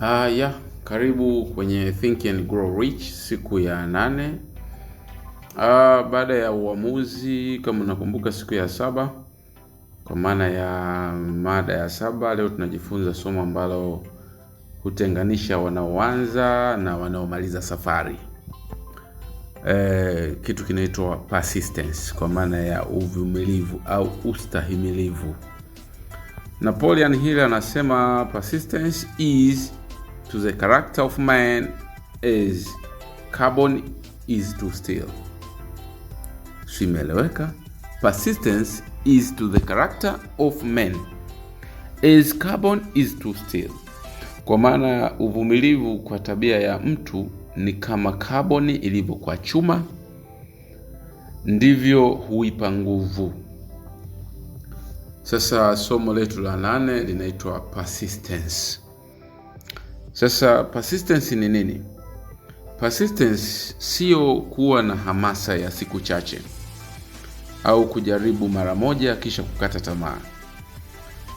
Uh, ah, ya karibu kwenye Think and Grow Rich siku ya nane. Uh, baada ya uamuzi, kama unakumbuka, siku ya saba, kwa maana ya mada ya saba, leo tunajifunza somo ambalo hutenganisha wanaoanza na wanaomaliza safari. Eh, kitu kinaitwa persistence kwa maana ya uvumilivu au ustahimilivu. Napoleon Hill anasema persistence is to the character of man is carbon is to steel. Shimeleweka. Persistence is to the character of man is carbon is to steel, kwa maana uvumilivu kwa tabia ya mtu ni kama kaboni ilivyo kwa chuma, ndivyo huipa nguvu. Sasa somo letu la nane linaitwa persistence. Sasa persistence ni nini? Persistence sio kuwa na hamasa ya siku chache au kujaribu mara moja kisha kukata tamaa.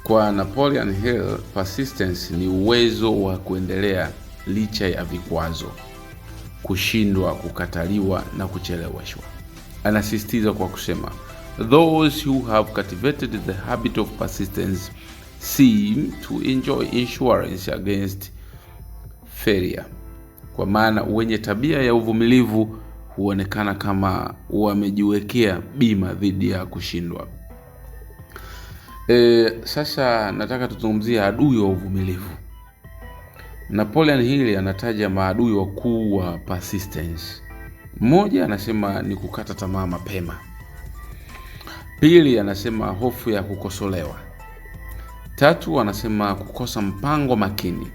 Kwa Napoleon Hill, persistence ni uwezo wa kuendelea licha ya vikwazo, kushindwa, kukataliwa na kucheleweshwa. Anasisitiza kwa kusema, those who have cultivated the habit of persistence seem to enjoy insurance against feria, kwa maana wenye tabia ya uvumilivu huonekana kama wamejiwekea bima dhidi ya kushindwa. E, sasa nataka tuzungumzie adui wa uvumilivu. Napoleon Hill anataja maadui wakuu wa persistence. Mmoja anasema ni kukata tamaa mapema. Pili anasema hofu ya kukosolewa. Tatu anasema kukosa mpango makini.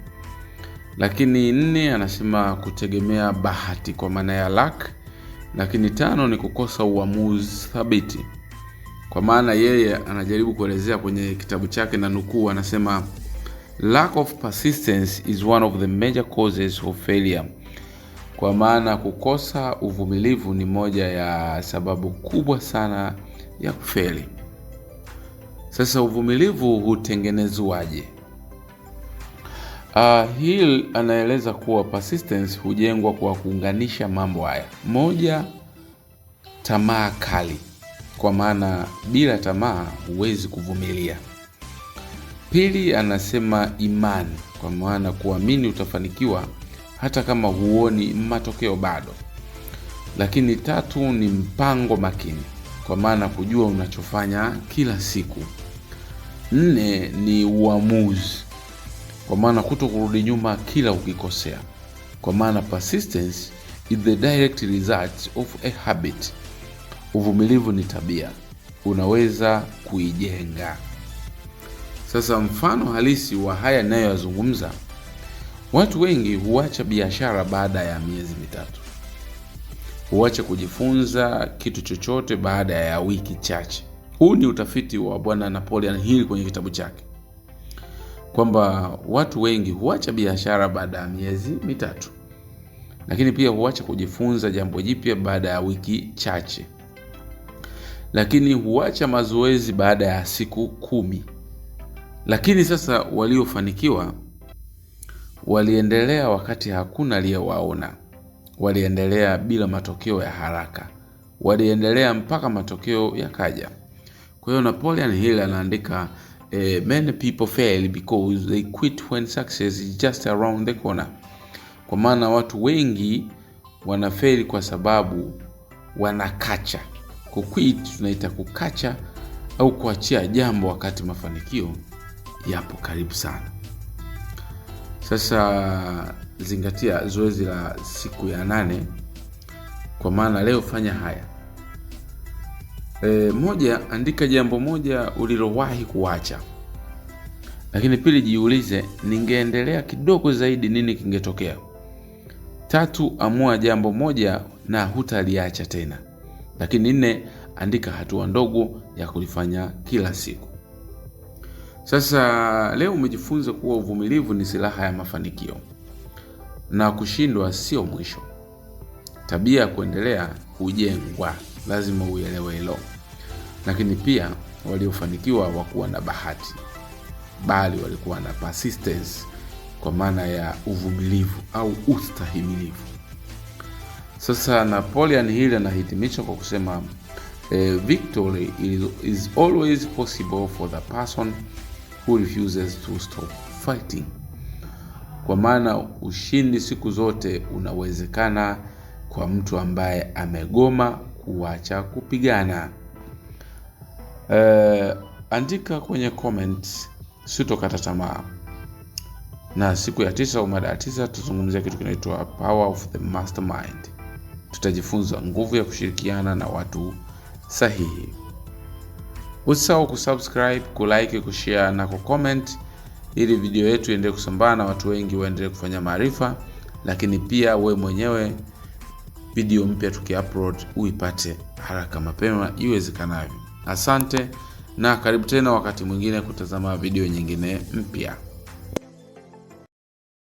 Lakini nne anasema kutegemea bahati kwa maana ya luck. Lakini tano ni kukosa uamuzi thabiti, kwa maana yeye anajaribu kuelezea kwenye kitabu chake na nukuu, anasema lack of persistence is one of the major causes of failure, kwa maana kukosa uvumilivu ni moja ya sababu kubwa sana ya kufeli. Sasa uvumilivu hutengenezwaje? Uh, Hill anaeleza kuwa persistence hujengwa kwa kuunganisha mambo haya: moja, tamaa kali, kwa maana bila tamaa huwezi kuvumilia. Pili, anasema imani, kwa maana kuamini utafanikiwa hata kama huoni matokeo bado. Lakini tatu ni mpango makini, kwa maana kujua unachofanya kila siku. Nne ni uamuzi kwa maana kuto kurudi nyuma kila ukikosea, kwa maana persistence is the direct result of a habit. Uvumilivu ni tabia unaweza kuijenga. Sasa mfano halisi wa haya ninayoyazungumza, watu wengi huacha biashara baada ya miezi mitatu, huacha kujifunza kitu chochote baada ya wiki chache. Huu ni utafiti wa Bwana Napoleon Hill kwenye kitabu chake kwamba watu wengi huacha biashara baada ya miezi mitatu, lakini pia huacha kujifunza jambo jipya baada ya wiki chache, lakini huacha mazoezi baada ya siku kumi. Lakini sasa waliofanikiwa waliendelea wakati hakuna aliyewaona, waliendelea bila matokeo ya haraka, waliendelea mpaka matokeo yakaja. Kwa hiyo Napoleon Hill anaandika uh, many people fail because they quit when success is just around the corner. Kwa maana watu wengi wanafeli kwa sababu wanakacha. Kuquit tunaita kukacha au kuachia jambo wakati mafanikio yapo karibu sana. Sasa zingatia zoezi la siku ya nane, kwa maana leo fanya haya. E, moja, andika jambo moja ulilowahi kuacha. Lakini pili, jiulize, ningeendelea kidogo zaidi, nini kingetokea? Tatu, amua jambo moja na hutaliacha tena. Lakini nne, andika hatua ndogo ya kulifanya kila siku. Sasa leo umejifunza kuwa uvumilivu ni silaha ya mafanikio na kushindwa sio mwisho. Tabia ya kuendelea hujengwa, lazima uelewe hilo. Lakini pia waliofanikiwa wakuwa na bahati bali walikuwa na persistence kwa maana ya uvumilivu au ustahimilivu. Sasa Napoleon Hill anahitimisha kwa kusema eh, victory is, is always possible for the person who refuses to stop fighting, kwa maana ushindi siku zote unawezekana kwa mtu ambaye amegoma kuacha kupigana. Eh, andika kwenye comments sitokata tamaa. Na siku ya tisa au mada ya tisa tutazungumzia kitu kinaitwa power of the mastermind. Tutajifunza nguvu ya kushirikiana na watu sahihi. Usisahau kusubscribe, kulike, kushare na kucomment ili video yetu iendelee kusambaa na watu wengi waendelee kufanya maarifa, lakini pia we mwenyewe video mpya tukiupload uipate haraka mapema iwezekanavyo. Asante na karibu tena wakati mwingine kutazama video nyingine mpya.